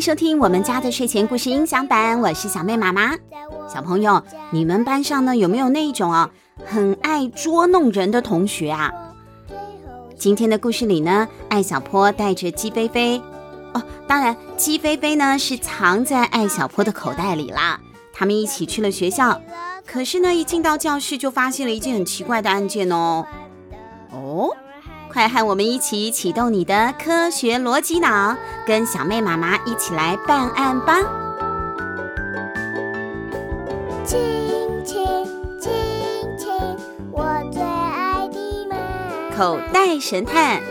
收聽我們家的睡前故事音享版，我是小妹媽媽。小朋友，你們班上呢有沒有那種哦很愛捉弄人的同學啊？今天的故事裡呢，艾小坡帶着雞飛飛哦，當然雞飛飛呢是藏在艾小坡的口袋裡啦。他們一起去了學校，可是呢，一進到教室就發現了一件很奇怪的案件哦。快和我們一起啟動你的科學邏輯腦，跟小妹媽媽一起來辦案吧！親親親親，我最愛的媽媽。口袋神探，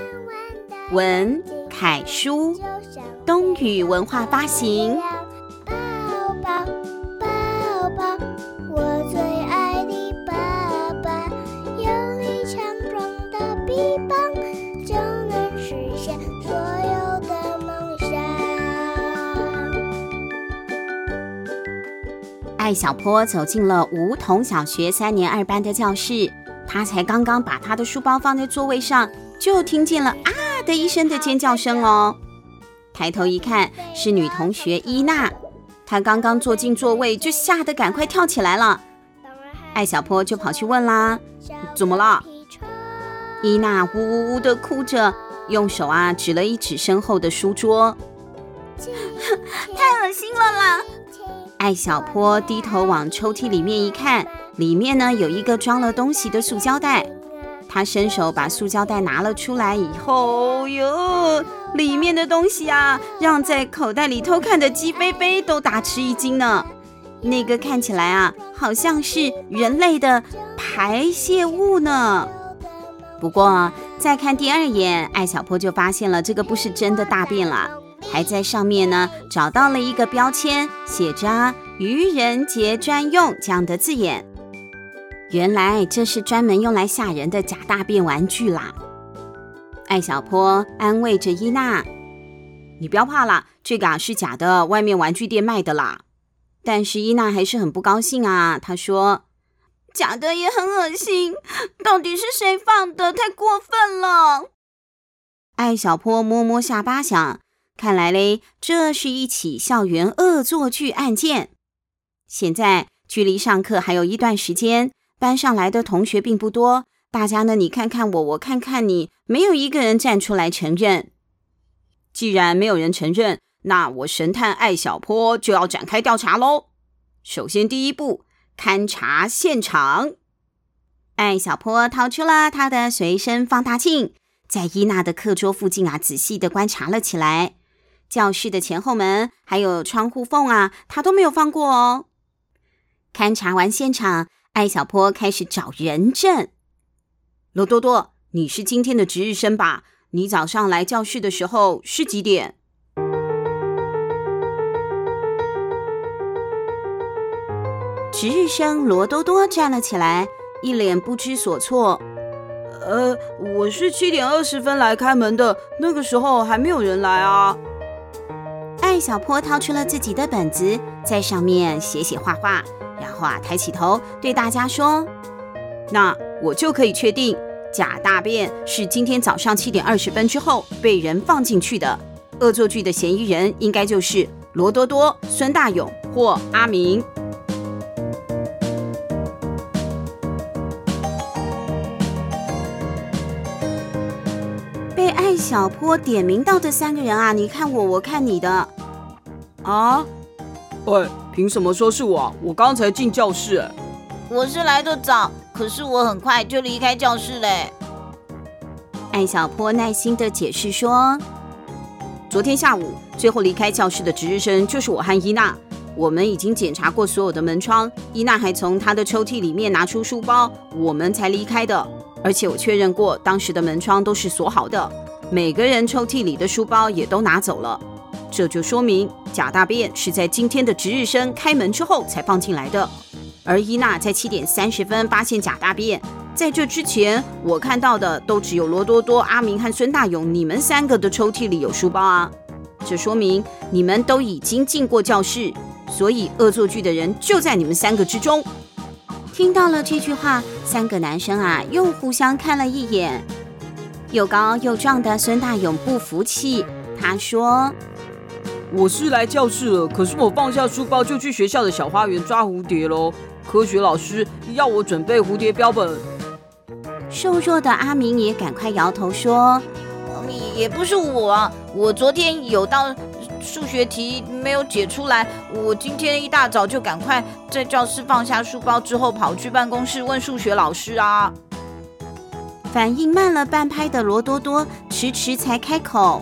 文凱叔，東雨文化發行。艾小坡走進了梧桐小學三年二班的教室，他才剛剛把他的書包放在座位上，就聽見了啊的一聲的尖叫聲哦！抬頭一看，是女同學伊娜，她剛剛坐進座位就嚇得趕快跳起來了。艾小坡就跑去問啦：“怎麼了？”伊娜嗚嗚嗚的哭，哭着，用手啊指了一指身後的書桌。太噁心了啦！艾小坡低頭往抽屜裡面一看，裡面呢有一個裝了東西的塑膠袋。他伸手把塑膠袋拿了出來以後，喲，裡面的東西啊，讓在口袋裡偷看的雞飛飛都大吃一驚呢。那個看起來啊，好像是人類的排泄物呢。不過啊，再看第二眼，艾小坡就發現了這個不是真的大便了。.還在上面呢，找到了一個標籤，寫着“愚人節專用”這樣的字眼。原來這是專門用來嚇人的假大便玩具啦。艾小坡安慰着伊娜：“你不要怕啦，這個啊是假的，外面玩具店賣的啦。”但是伊娜還是很不高興啊，她說：“假的也很惡心，到底是誰放的？太過分了！”艾小坡摸摸下巴，想。看來嘞，這是一起校園惡作劇案件。現在距離上課還有一段時間，班上來的同學並不多，大家呢，你看看我，我看看你，沒有一個人站出來承認。既然沒有人承認，那我神探艾小坡就要展開調查嘍。首先，第一步，勘察現場。艾小坡掏出了他的隨身放大鏡，在伊娜的課桌附近啊，仔細的觀察了起來。教室的前後門還有窗戶縫啊，他都沒有放過哦。勘察完現場，艾小坡開始找人證。羅多多，你是今天的值日生吧？你早上來教室的時候是幾點？值日生羅多多站了起來，一臉不知所措。呃，我是七點二十分來開門的，那個時候還沒有人來啊。艾小坡掏出了自己的本子，在上面寫寫畫畫，然後啊，抬起頭對大家說：“那我就可以確定，假大便是今天早上七點二十分之後被人放進去的。惡作劇的嫌疑人應該就是羅多多、孫大勇或阿明。”被艾小坡點名到的三個人啊，你看我，我看你的。啊！喂，憑什麼說是我？我剛才進教室哎。我是來得早，可是我很快就離開教室嘞。艾小坡耐心地解釋說：“昨天下午最後離開教室的值日生就是我和伊娜，我們已經檢查過所有的門窗。伊娜還從她的抽屜裡面拿出書包，我們才離開的。而且我確認過，當時的門窗都是鎖好的，每個人抽屜裡的書包也都拿走了。”這就說明假大便是在今天的值日生開門之後才放進來的，而伊娜在七點三十分發現假大便。在這之前，我看到的都只有羅多多、阿明和孫大勇，你們三個的抽屜裡有書包啊。這說明你們都已經進過教室，所以惡作劇的人就在你們三個之中。聽到了這句話，三個男生啊又互相看了一眼。又高又壯的孫大勇不服氣，他說。我是來教室了，可是我放下書包就去學校的小花園抓蝴蝶嘍。科學老師要我準備蝴蝶標本。瘦弱的阿明也趕快搖頭說：“也不是我，我昨天有道數學題沒有解出來，我今天一大早就趕快在教室放下書包之後跑去辦公室問數學老師啊。”反應慢了半拍的羅多多遲遲才開口：“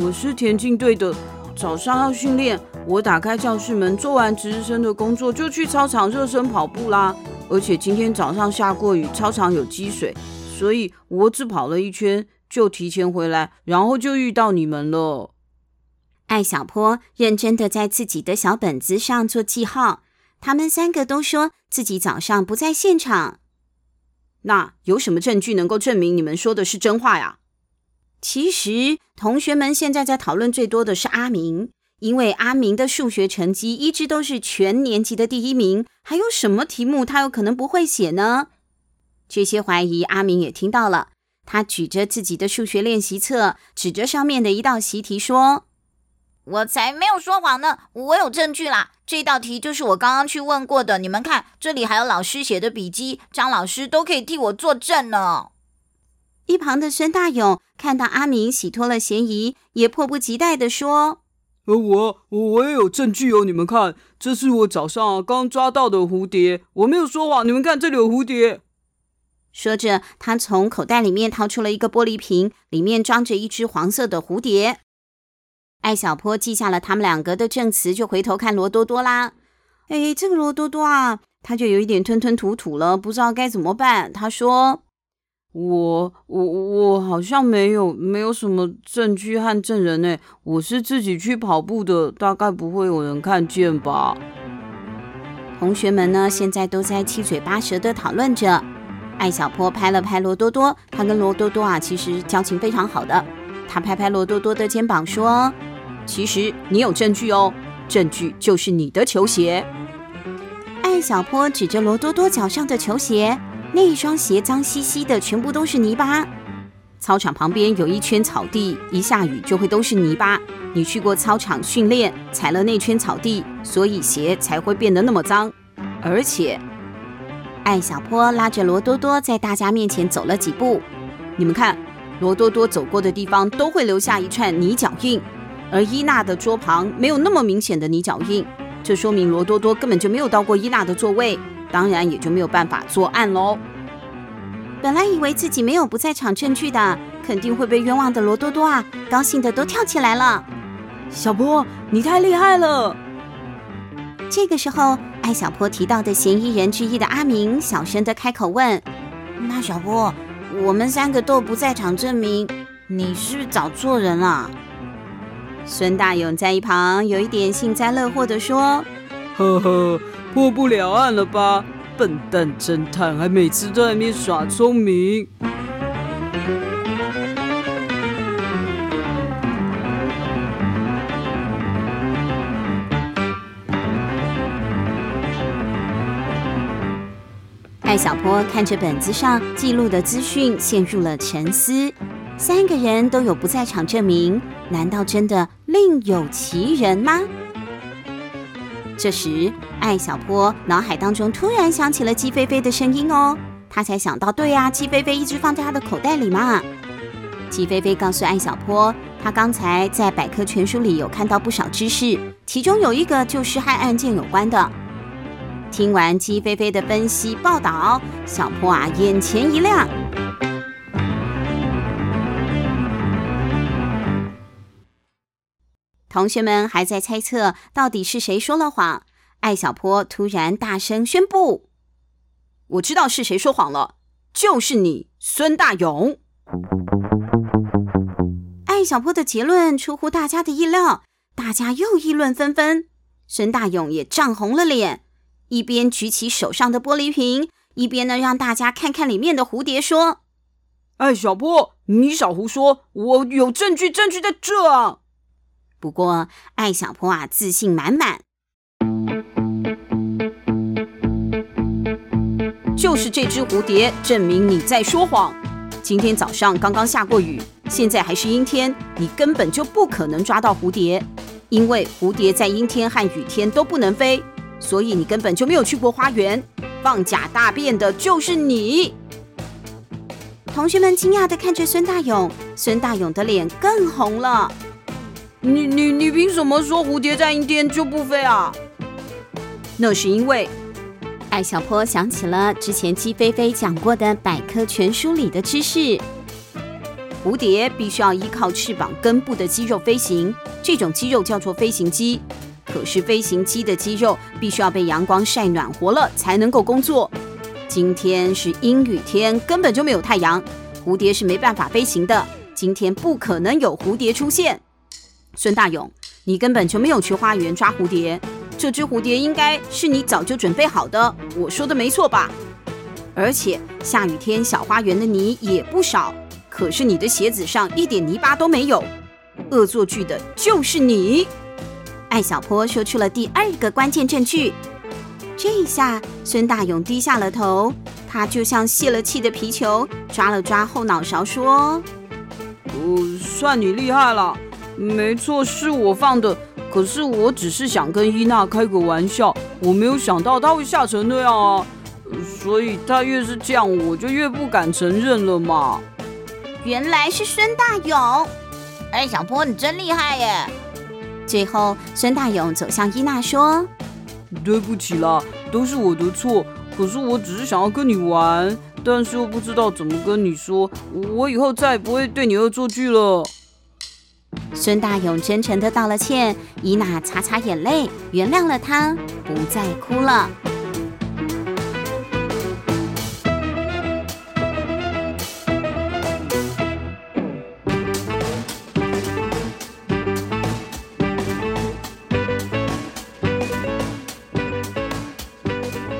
我是田徑隊的。”早上要訓練，我打開教室門，做完值日生的工作就去操場熱身跑步啦。而且今天早上下過雨，操場有積水，所以我只跑了一圈就提前回來，然後就遇到你們了。艾小坡認真的在自己的小本子上做記號。他們三個都說自己早上不在現場，那有什麼證據能夠證明你們說的是真話呀？其實。同學們現在在討論最多的是阿明，因為阿明的數學成績一直都是全年級的第一名，還有什麼題目他有可能不會寫呢？這些懷疑阿明也聽到了，他舉着自己的數學練習冊，指着上面的一道習題說：“我才沒有說謊呢，我有證據啦！這道題就是我剛剛去問過的，你們看，這裡還有老師寫的筆記，張老師都可以替我作證呢。”一旁的孫大勇看到阿明洗脫了嫌疑，也迫不及待的說：“而、呃、我我我也有證據哦！你們看，這是我早上、啊、剛抓到的蝴蝶，我沒有說謊。你們看，這裡有蝴蝶。”說着，他從口袋裡面掏出了一個玻璃瓶，裡面裝着一隻黃色的蝴蝶。艾小坡記下了他們兩個的證詞，就回頭看羅多多啦。哎，這個羅多多啊，他就有一點吞吞吐吐了，不知道該怎麼辦。他說。我我我好像沒有沒有什麼證據和證人呢，我是自己去跑步的，大概不會有人看見吧。同學們呢，現在都在七嘴八舌的討論着。艾小坡拍了拍羅多多，他跟羅多多啊其實交情非常好的，他拍拍羅多多的肩膀說：“其實你有證據哦，證據就是你的球鞋。”艾小坡指着羅多，多多腳上的球鞋。那一雙鞋髒兮兮的，全部都是泥巴。操場旁邊有一圈草地，一下雨就會都是泥巴。你去過操場訓練，踩了那圈草地，所以鞋才會變得那麼髒。而且，艾小坡拉着羅多多在大家面前走了幾步，你們看，羅多多走過的地方都會留下一串泥腳印，而伊娜的桌旁沒有那麼明顯的泥腳印，這說明羅多多根本就沒有到過伊娜的座位。當然也就沒有辦法作案嘍。本來以為自己沒有不在場證據的，肯定會被冤枉的羅多多啊，高興的都跳起來了。小波，你太厲害了！這個時候，艾小波提到的嫌疑人之一的阿明，小聲的開口問：“那小波，我們三個都不在場證明，你是不是找錯人了？”孫大勇在一旁有一點幸災樂禍的說：“呵呵。”破不了案了吧？笨蛋偵探還每次在外面耍聰明。艾小坡看着本子上記錄的資訊，陷入了沉思。三個人都有不在場證明，難道真的另有其人嗎？這時，艾小坡腦海當中突然響起了雞飛飛的聲音哦，他才想到，對呀、啊，雞飛飛一直放在他的口袋裡嘛。雞飛飛告訴艾小坡，他剛才在百科全書裡有看到不少知識，其中有一個就是和案件有關的。聽完雞飛飛的分析報道，小坡啊眼前一亮。同學們還在猜測到底是誰說了謊。艾小坡突然大聲宣布：“我知道是誰說謊了，就是你，孫大勇。”艾小坡的結論出乎大家的意料，大家又議論紛紛。孫大勇也漲紅了臉，一邊舉起手上的玻璃瓶，一邊呢讓大家看看裡面的蝴蝶，說：“艾小坡，你少胡說，我有證據，證據在這啊！”不過，艾小坡啊，自信滿滿。就是這隻蝴蝶，證明你在說謊。今天早上剛剛下過雨，現在還是陰天，你根本就不可能抓到蝴蝶，因為蝴蝶在陰天和雨天都不能飛。所以你根本就沒有去過花園，放假大便的就是你。同學們驚訝地看着孫大勇，孫大勇的臉更紅了。你你你憑什麼說蝴蝶在陰天就不飛啊？那是因為艾小坡想起了之前雞飛飛講過的百科全書裡的知識。蝴蝶必須要依靠翅膀根部的肌肉飛行，這種肌肉叫做飛行肌。可是飛行肌的肌肉必須要被陽光曬暖和了才能夠工作。今天是陰雨天，根本就沒有太陽，蝴蝶是沒辦法飛行的。今天不可能有蝴蝶出現。孫大勇，你根本就沒有去花園抓蝴蝶，這隻蝴蝶應該是你早就準備好的。我說的沒錯吧？而且下雨天小花園的泥也不少，可是你的鞋子上一點泥巴都沒有，惡作劇的就是你。艾小坡說出了第二個關鍵證據，這一下孫大勇低下了頭，他就像洩了氣的皮球，抓了抓後腦勺說：“我、呃、算你厲害了。”沒錯，是我放的。可是我只是想跟伊娜開個玩笑，我沒有想到她會嚇成那樣啊。所以她越是這樣，我就越不敢承認了嘛。原來是孫大勇，哎，小波，你真厲害耶！最後，孫大勇走向伊娜，說：“對不起啦，都是我的錯。可是我只是想要跟你玩，但是又不知道怎麼跟你說。我以後再也不會對你惡作劇了。”孫大勇真誠的道了歉，伊娜擦擦眼淚，原諒了他，不再哭了。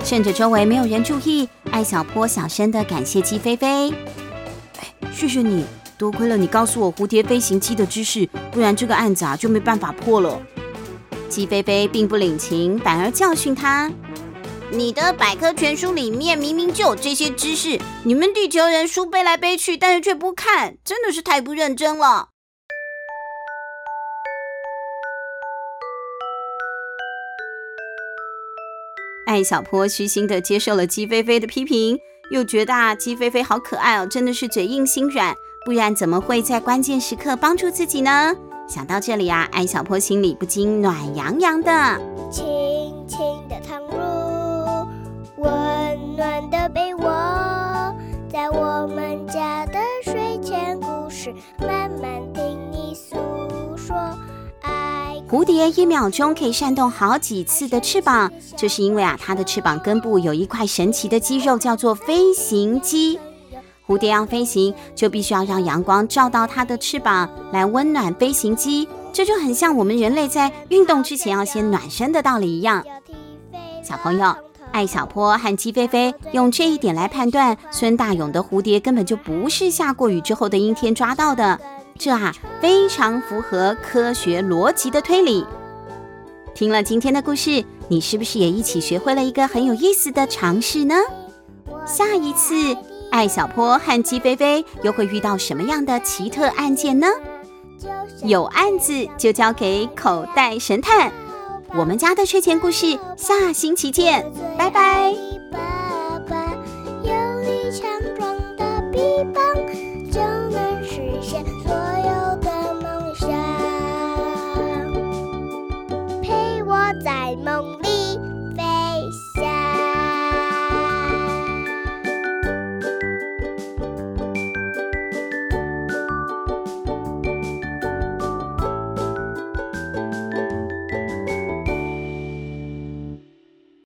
趁着周圍沒有人注意，艾小坡小聲的感謝雞飛飛：“謝謝你。”多虧了你告訴我蝴蝶飛行機的知識，不然這個案子啊就沒辦法破了。雞飛飛並不領情，反而教訓他：“你的百科全書裡面明明就有這些知識，你們地球人書背來背去，但是卻不看，真的是太不認真了。”艾小坡虛心的接受了雞飛飛的批評，又覺得啊，雞飛飛好可愛哦，啊，真的是嘴硬心軟。不然怎麼會在關鍵時刻幫助自己呢？想到這裡啊，艾小坡心裡不禁暖洋洋的。輕輕的躺入溫暖的被窩，在我們家的睡前故事，慢慢聽你訴說愛。蝴蝶一秒鐘可以扇動好幾次的翅膀，就是因為啊，它的翅膀根部有一塊神奇的肌肉，叫做飛行肌。蝴蝶要飛行，就必須要讓陽光照到它的翅膀，來溫暖飛行肌。這就很像我們人類在運動之前要先暖身的道理一樣。小朋友，艾小坡和雞飛飛用這一點來判斷孫大勇的蝴蝶根本就不是下過雨之後的陰天抓到的，這啊非常符合科學邏輯的推理。聽了今天的故事，你是不是也一起學會了一個很有意思的常識呢？下一次。艾小坡和雞飛飛又會遇到什麼樣的奇特案件呢？有案子就交給口袋神探。我們家的睡前故事，下星期見，拜拜。